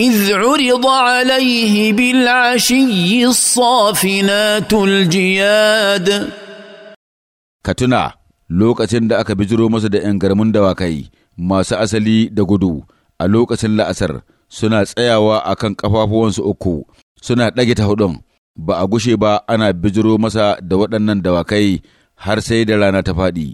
إذ عرض عليه بالعشي الصافنات الجياد Katuna, lokacin da aka bijiro masa da ‘yan garmun dawakai masu asali da gudu a lokacin la'asar suna tsayawa a kan ƙafafuwansu uku suna ɗage ta hudun ba a gushe ba ana bijiro masa da waɗannan dawakai har sai da rana ta faɗi.